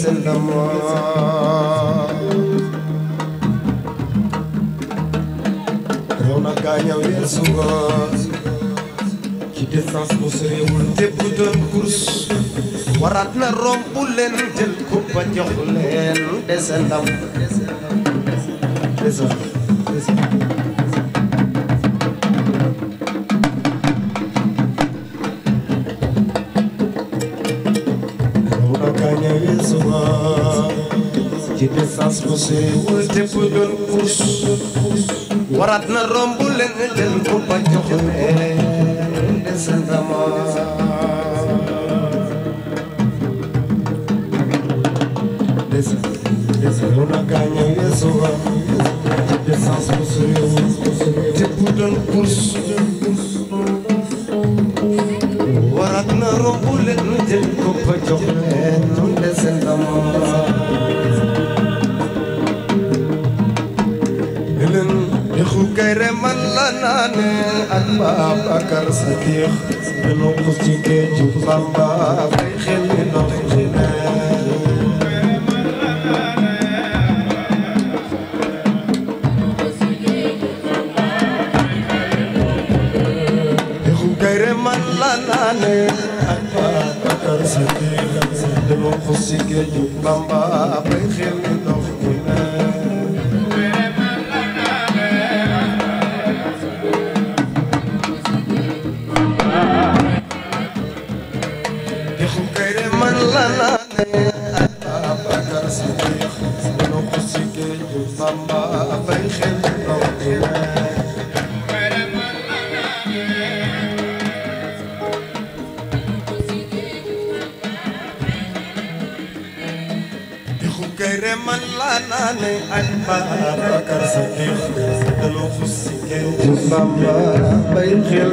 c'est l'amour Rona gaañaw yeesu ci distance bu soriwul tépp doon course waraat na romb leen jël ko jox leen desendam desendam te sas bu warat na romb leen jël ko ba jox leen de sa naane ak Babacar Sadikh te nu ko ci géeju Bamba fay xel ni ndox mi Sadikh te nu ko ci géeju Bamba fay xel ni ndox xanaane ak Babacar Sadikh daloo xusi kenn ci Bamba bay xel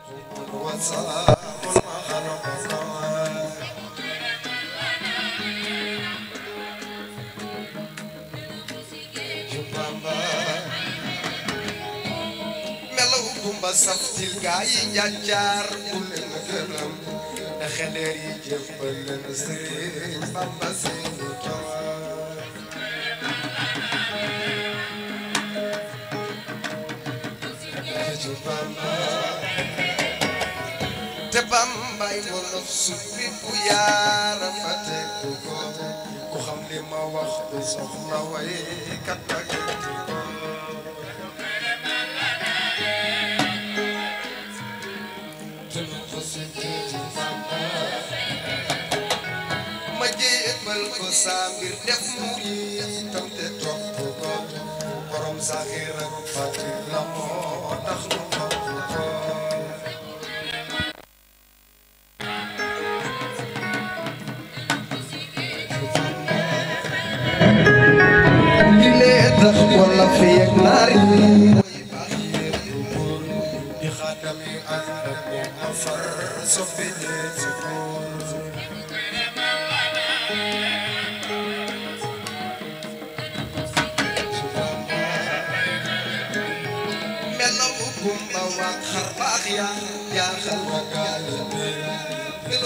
bàyyi njàccaar bul na gënam na xeleer yi jébbal leen sëriñ Bamba seeni tawaar te Bambay wolof su bi bu yaara fa te ku ko ku xam li ma wax bu soxla way kat Moussa mbir def muritam te topp ko borom zahir ak fatir la moo tax nu topp ko li lee tax wala fi ak naari mooy baax yéen di xaatami ànd ak moom afar soppi dee si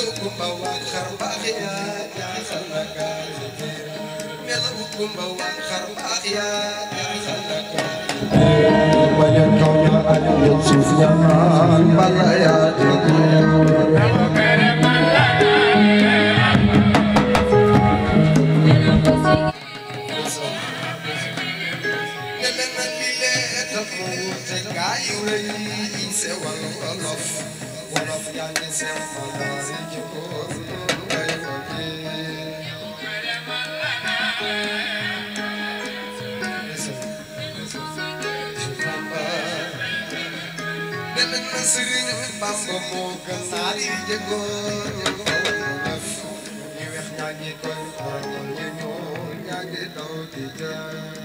ملوكم وخر باغيا يا خلك ملوكم وخر باغيا يا خلك ويكون علي يوسف يا مان بلا يا تقول Thank you. Bamba moo gën naari jëgoor ñu weex ñaa ñi koy xool ñu ñuul ñaa ngi daw di jëm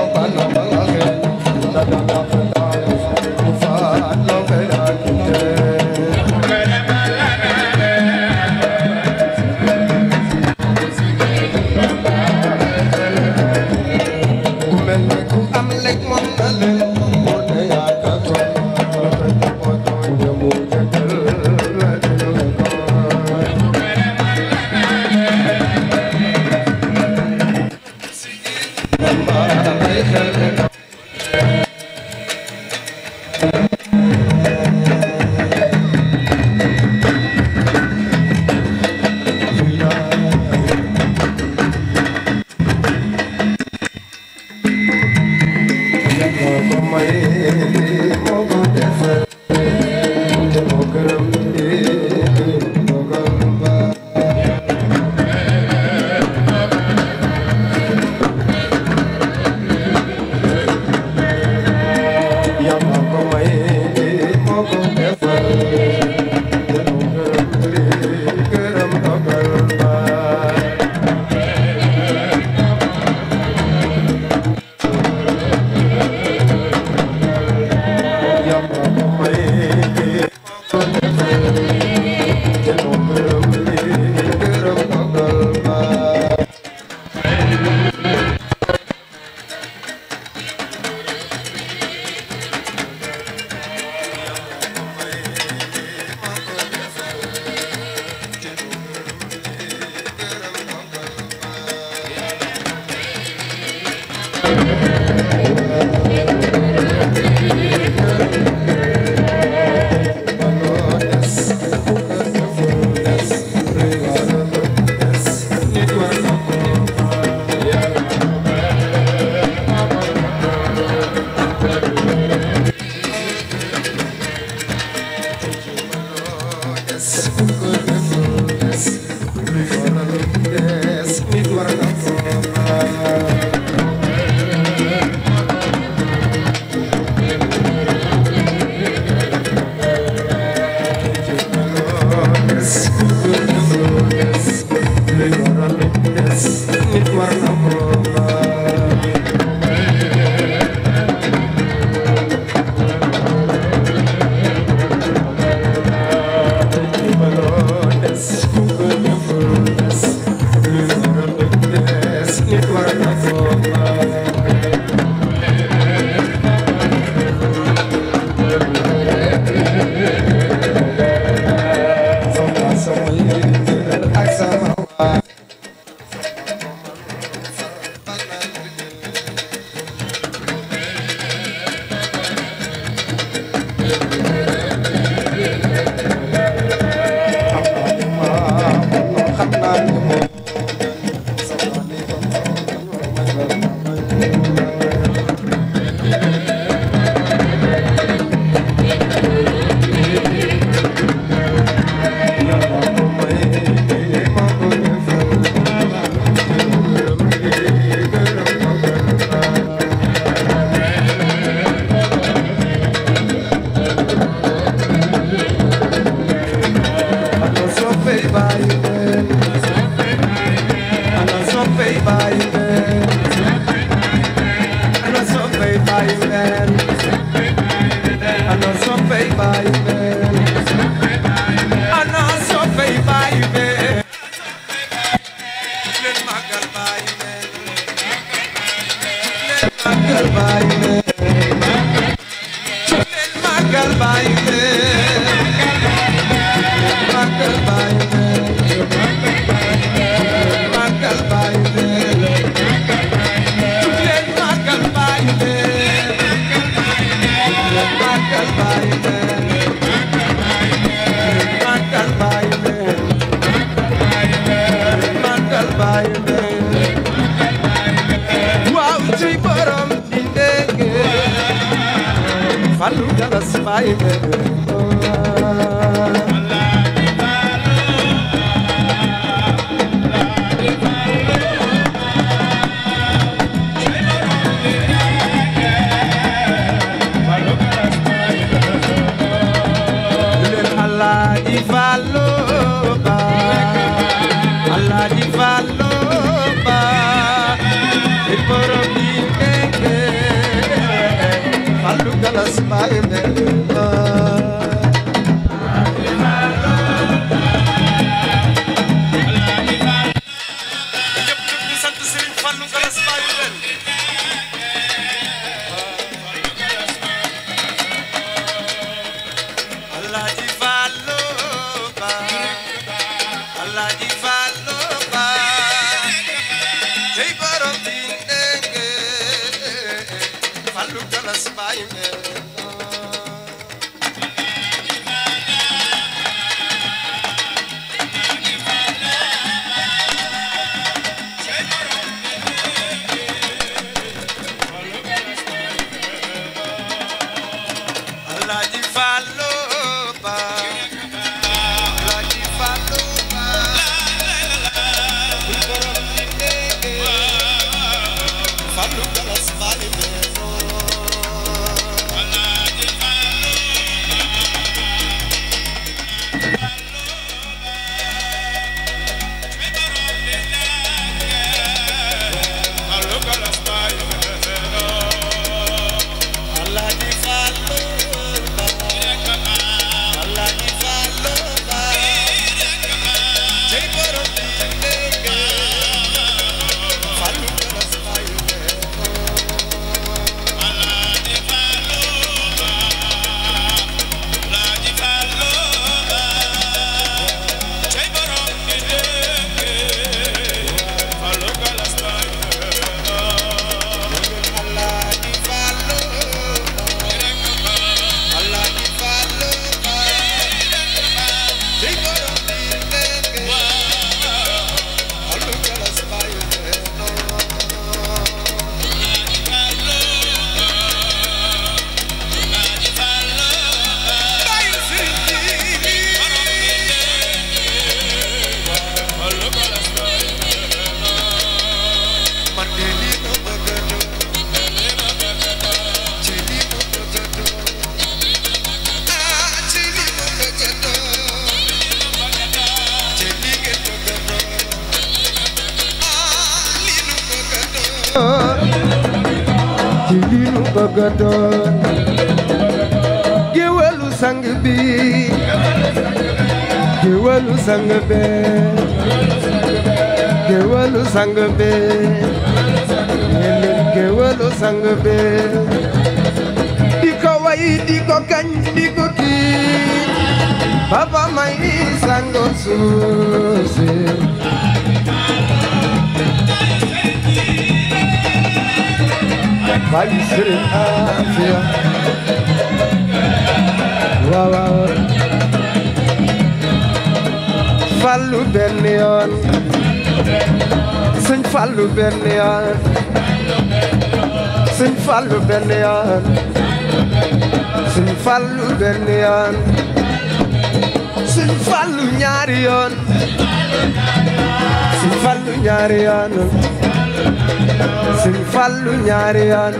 Thank you. Falu galas bayne jey borom bi ndenge fallu galas baay sang be géwalu sang be ñeneen géwalu sang be di ko way di ko kañ di ko kii baba may sango suuse bay sëriñ Afia waaw waaw fallu benn yoon sëñ fallu benn yoon sëñ fallu benn yoon sëñ fallu benn yoon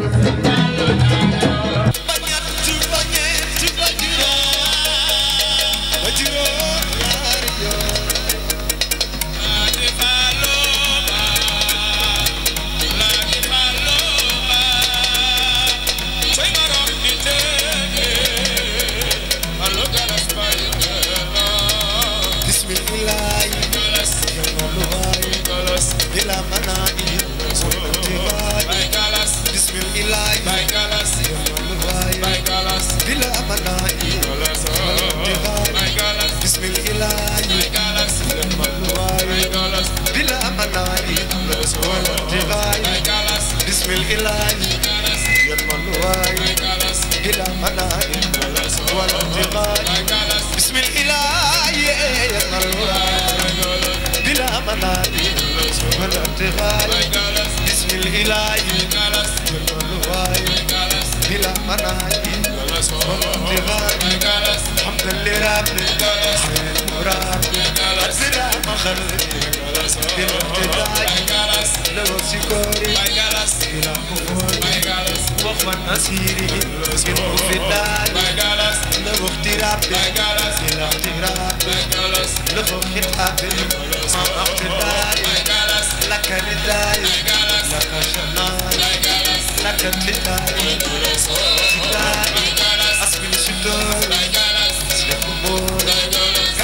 C'est a little,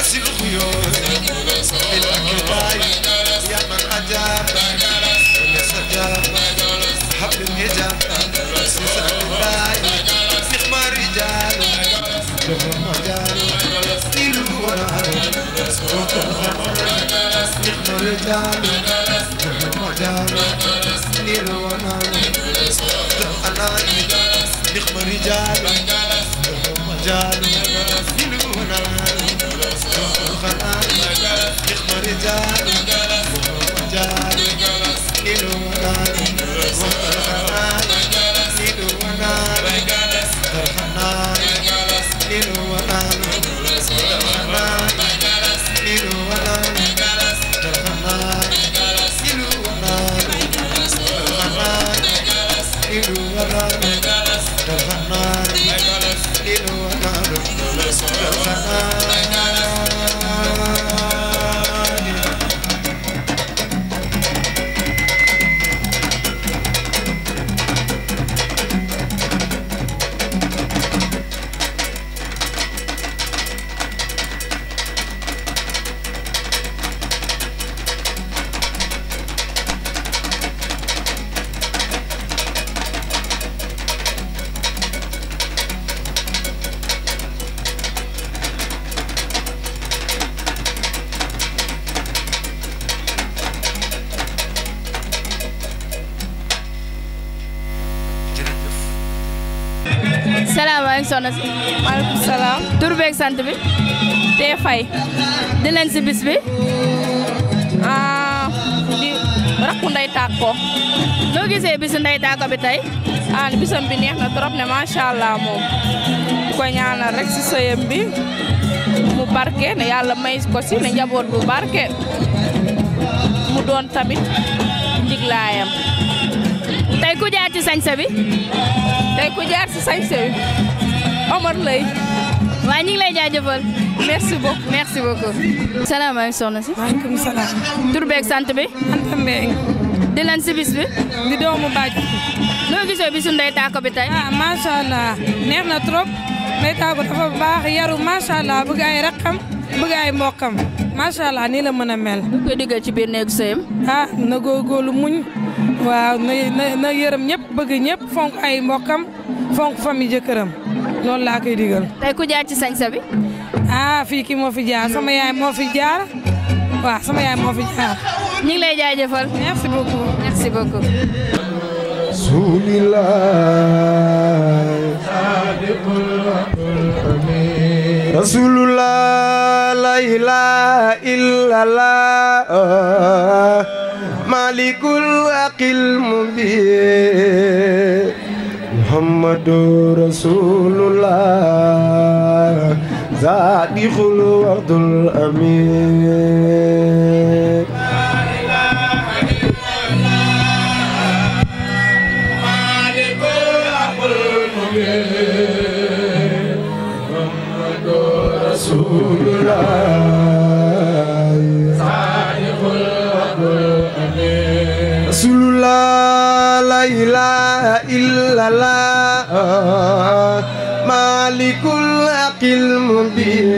راسي الخيول الأكباي يا من أجاب يا سجاب حبل الهجاب نساء الباي نخمى رجال نخمى رجال سيلو ورار صوت الخمر نخمى رجال نخمى رجال سيلو ورار دم أناني نخمى رجال نخمى رجال die. sant bi te fay di si bis bi ah di rakku Ndeye Tako noo gisee bisu Ndeye Tako bi tey ah bisam bi neex na trop ne macha allah moom bu ko rek si sëyam bi mu barke ne yàlla may ko si ne njaboot bu barke mu doon tamit njiglaayam tey ku jaar sañse bi tey ku jaar sañse bi Omar lay waaye ñu ngi lay jaajëfal merci beaucoup merci beaucoup. salaamaaleykum soxna si. maaleykum salam. tur beeg sant bi. Anta Mbengue. di lan si bis bi. di doomu baaj. noo gisoo bisu Ndeye Tako bi tey. ah macha allah neex na trop Ndeye Tako dafa baax yaru macha allah bëgg ay rakkam bëgg ay mbokkam macha allah nii la mën a mel. bu koy digal ci biir néegu sëyam. ah na góorgóorlu muñ waaw na na yërëm ñëpp bëgg ñëpp fonk ay mbokkam fonk famille jëkkëram. loolu laa koy digal. tey ku jaar ci sañsa bi. Ah, fii kii moo fi jaar sama yaay moo fi jaar waaw sama yaay moo fi jaar. ñu ngi lay jaajëfal. merci beaucoup merci beaucoup. rasulullah la ilaha illallah malikul aqil محمد رسول الله زادخ الوقت الأمين محمد رسول الله ইল্লাল্লাহ মালিকুল আকিল মুবিন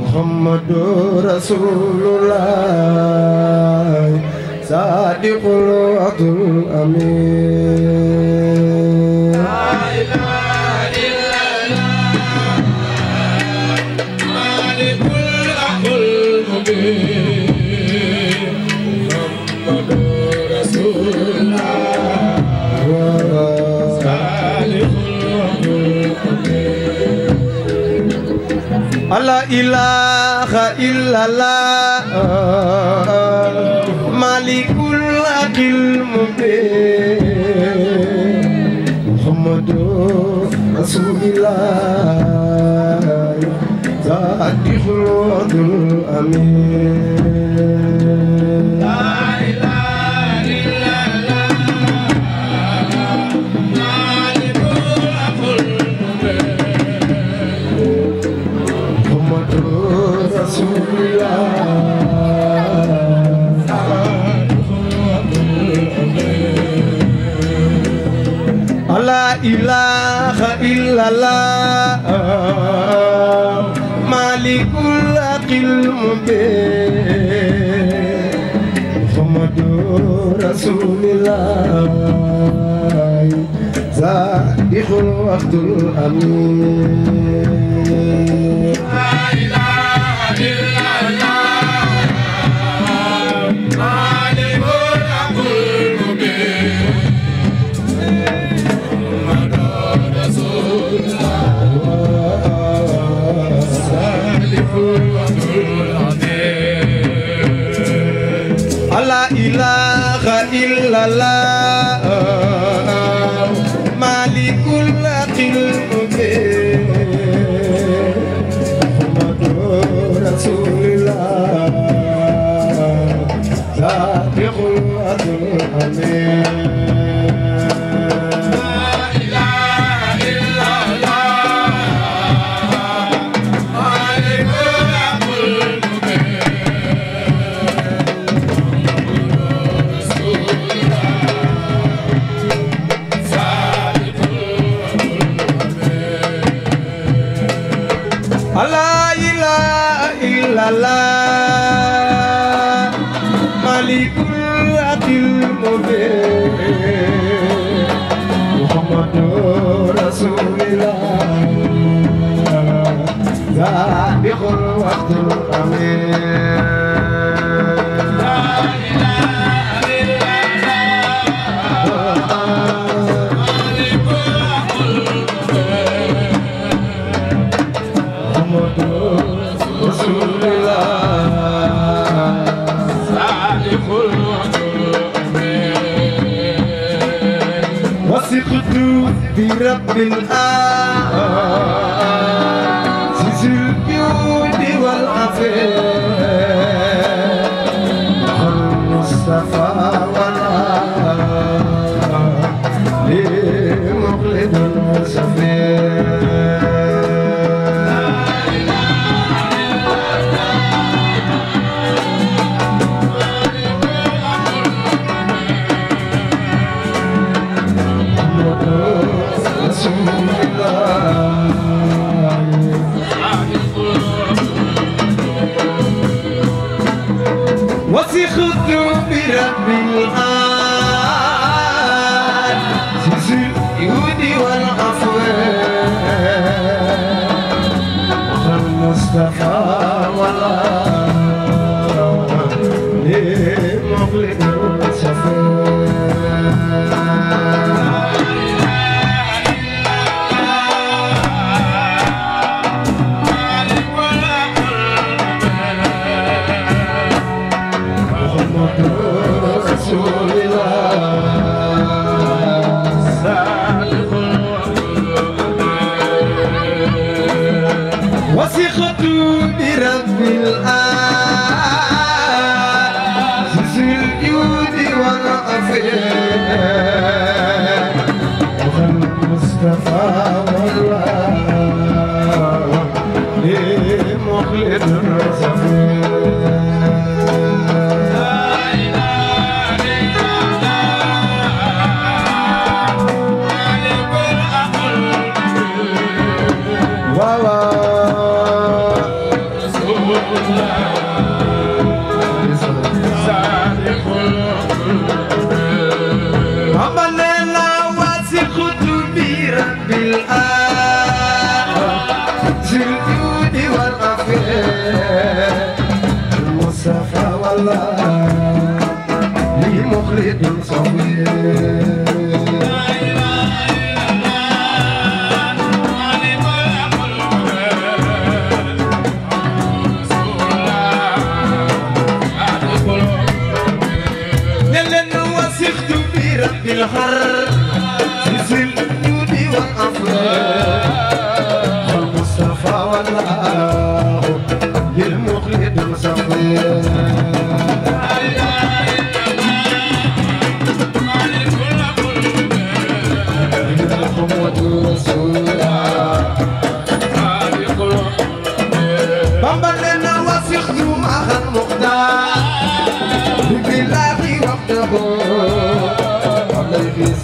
মুহাম্মাদুর রাসূলুল্লাহ সাদিকুল আদুল আমিন ilaha illallah malikul aqil mubin muhammadur rasulillah صادق الوعد الامين إله إلا الله مالك الحق المبين محمد رسول الله زائخ الوقت الأمين la الله ملك العدل المبين محمد رسول الله صادق الوقت الأمين برب الآن في الجود والعفو the المصطفى والله مخلد صغير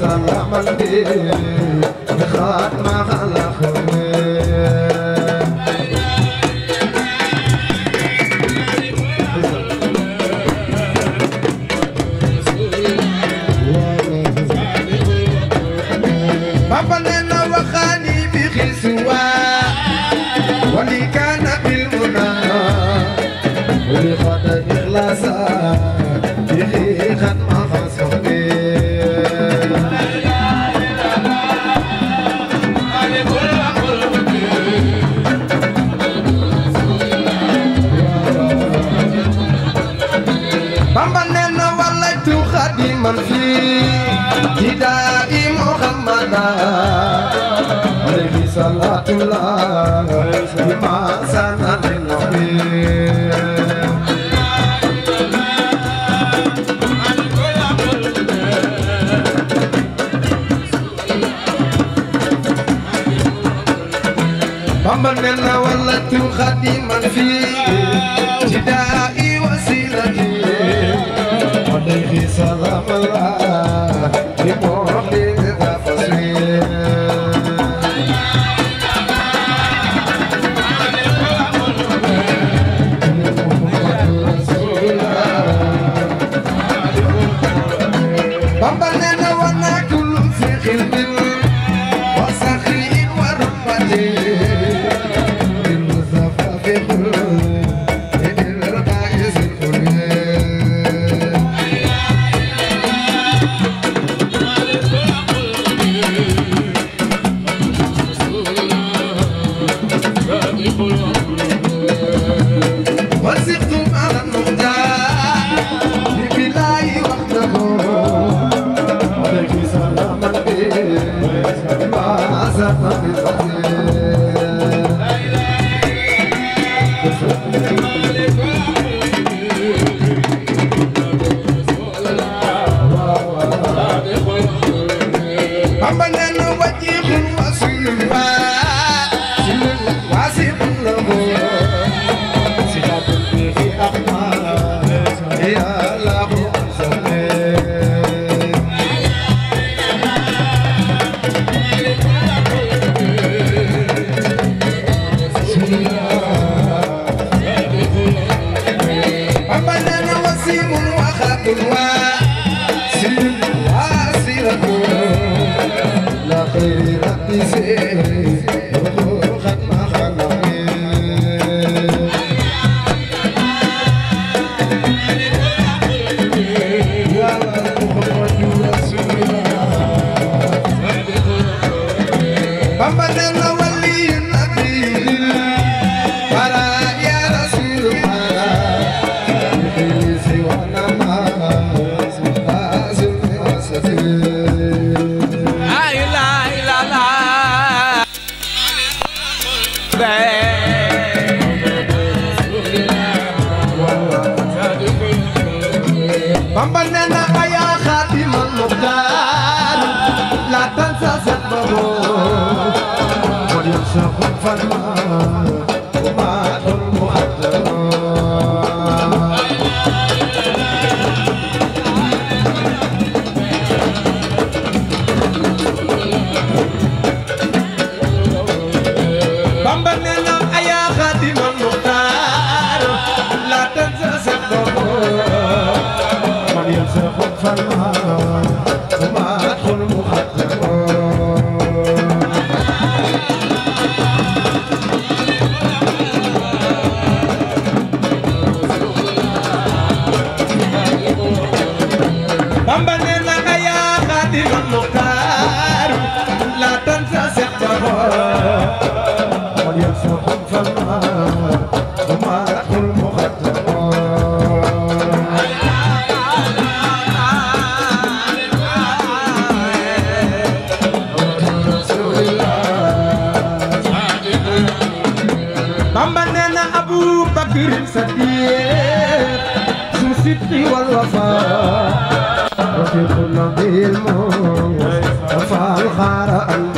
سلام الدين بخاتمة خلق What's it do? فقير صديق شو صدقي والوفاء رفيق النظير موس وفاء الخرق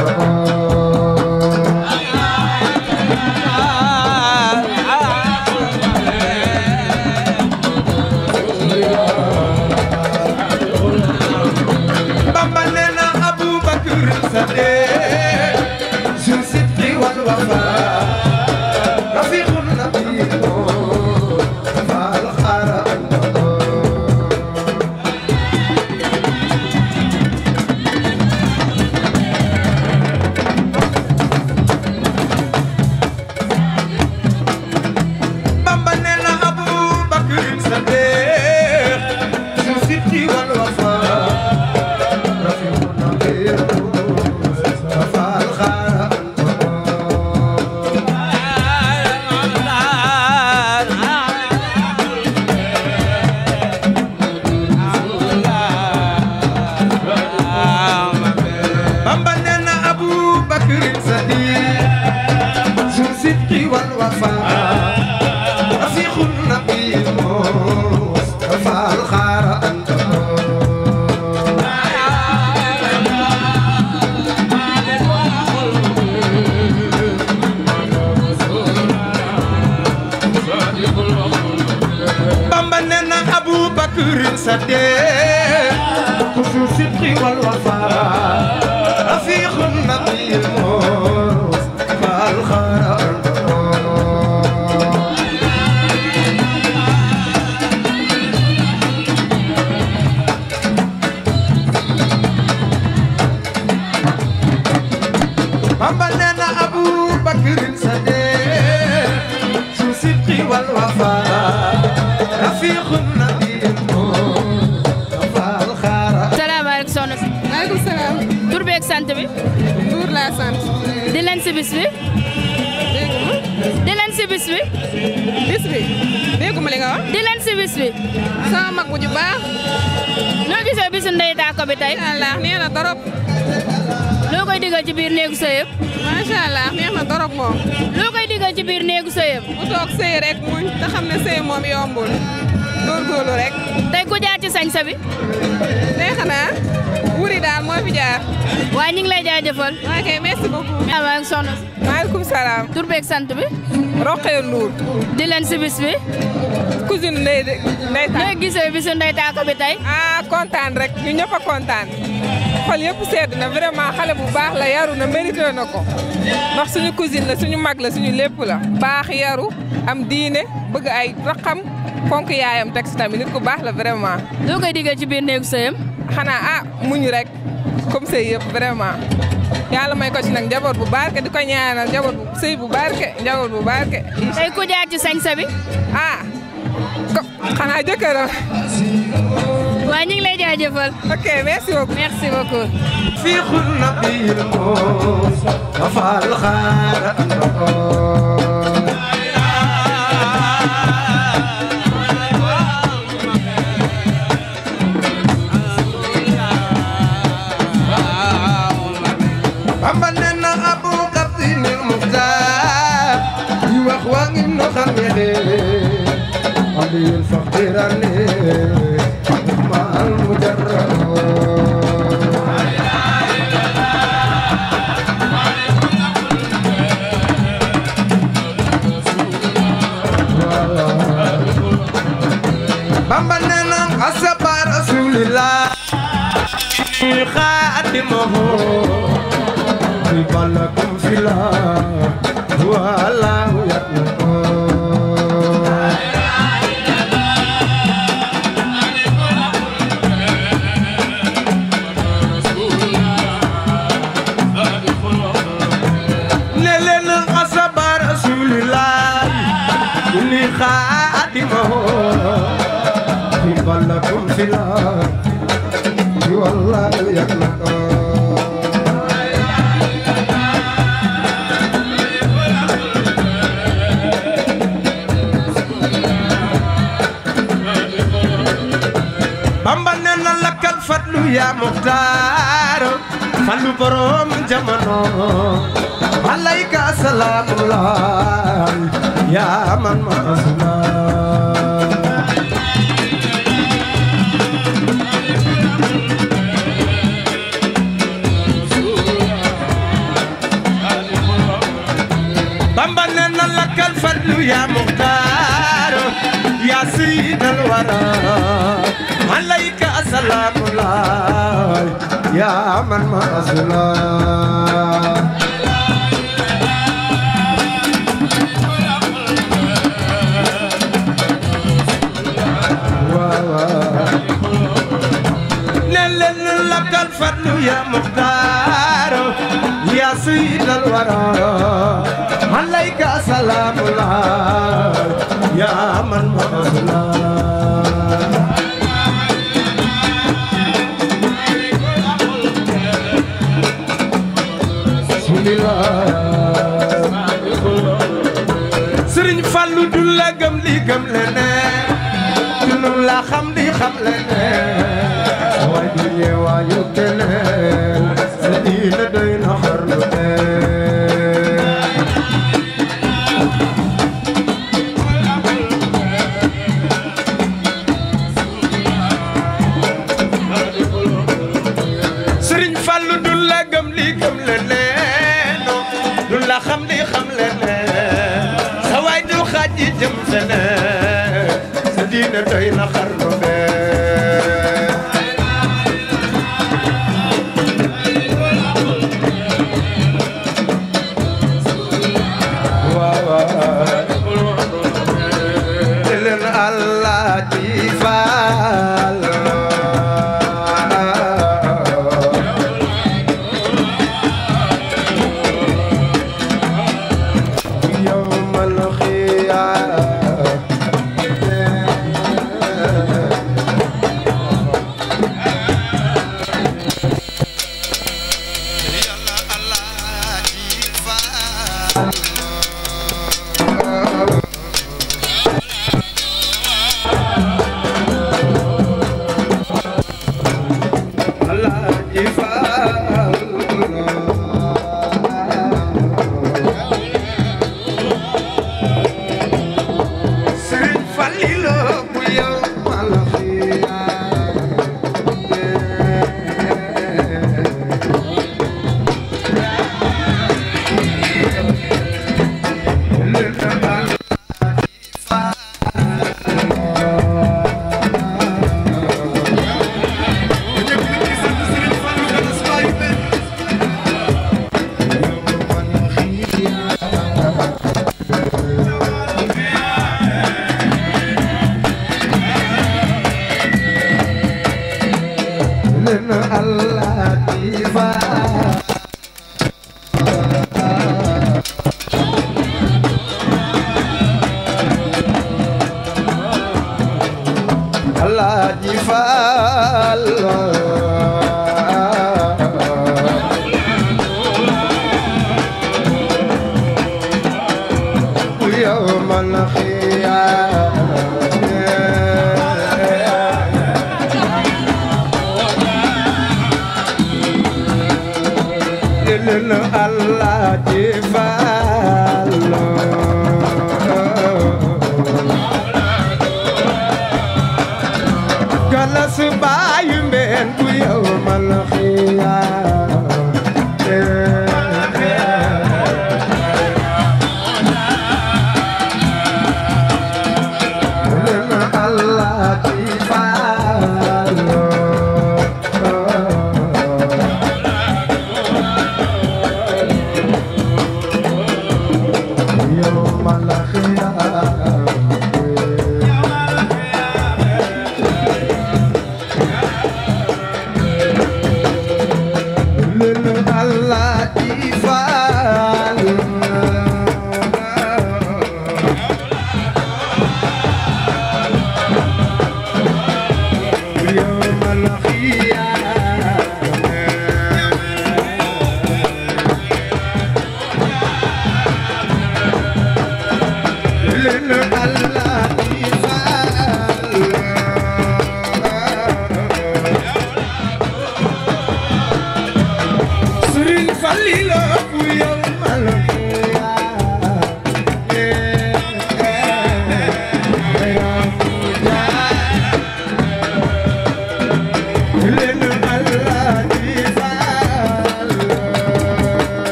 jaajëfal. ok merci beaucoup. Ah, maa ngi soxna si. salaam. tur sant bi. Roqee Ndour. di leen si bis bi. cousine Ndeye Ndeye Tacko. ñoo gisee bisu Ndeye Tacko bi tey. ah kontaan rek ñu ñëpp kontaan. xol yëpp sedd na vraiment xale bu baax la yaru na mérité na ko. ndax suñu cousine la suñu mag la suñu lépp la. baax yaru am diine bëgg ay raqam fonk yaayam teg si tamit nit ku baax la vraiment. doo koy digal ci biir néegu sëyam. xanaa a ah, muñu rek. comme sëy yëpp vraiment yàlla may ko ci nag njaboot bu barke di ko ñaanal njaboot bu sëy bu barke njaboot bu barke. tey ku jaar ci sañse bi. ah ko xanaa jëkkëram. waa ñu ngi lay jaajëfal. ok merci beaucoup merci beaucoup. fiixul na biir علي فقيرا لي مع المجرد خادمه البلد في الله والله يطلب lu borom jamono alayka salaamullah yaa man ma فضل يا مختار يا سيد الورى عليك السلام الله يا من ما أزلا لك الفضل يا مختار يا سيد الورى عليك السلام yaa xam li xam la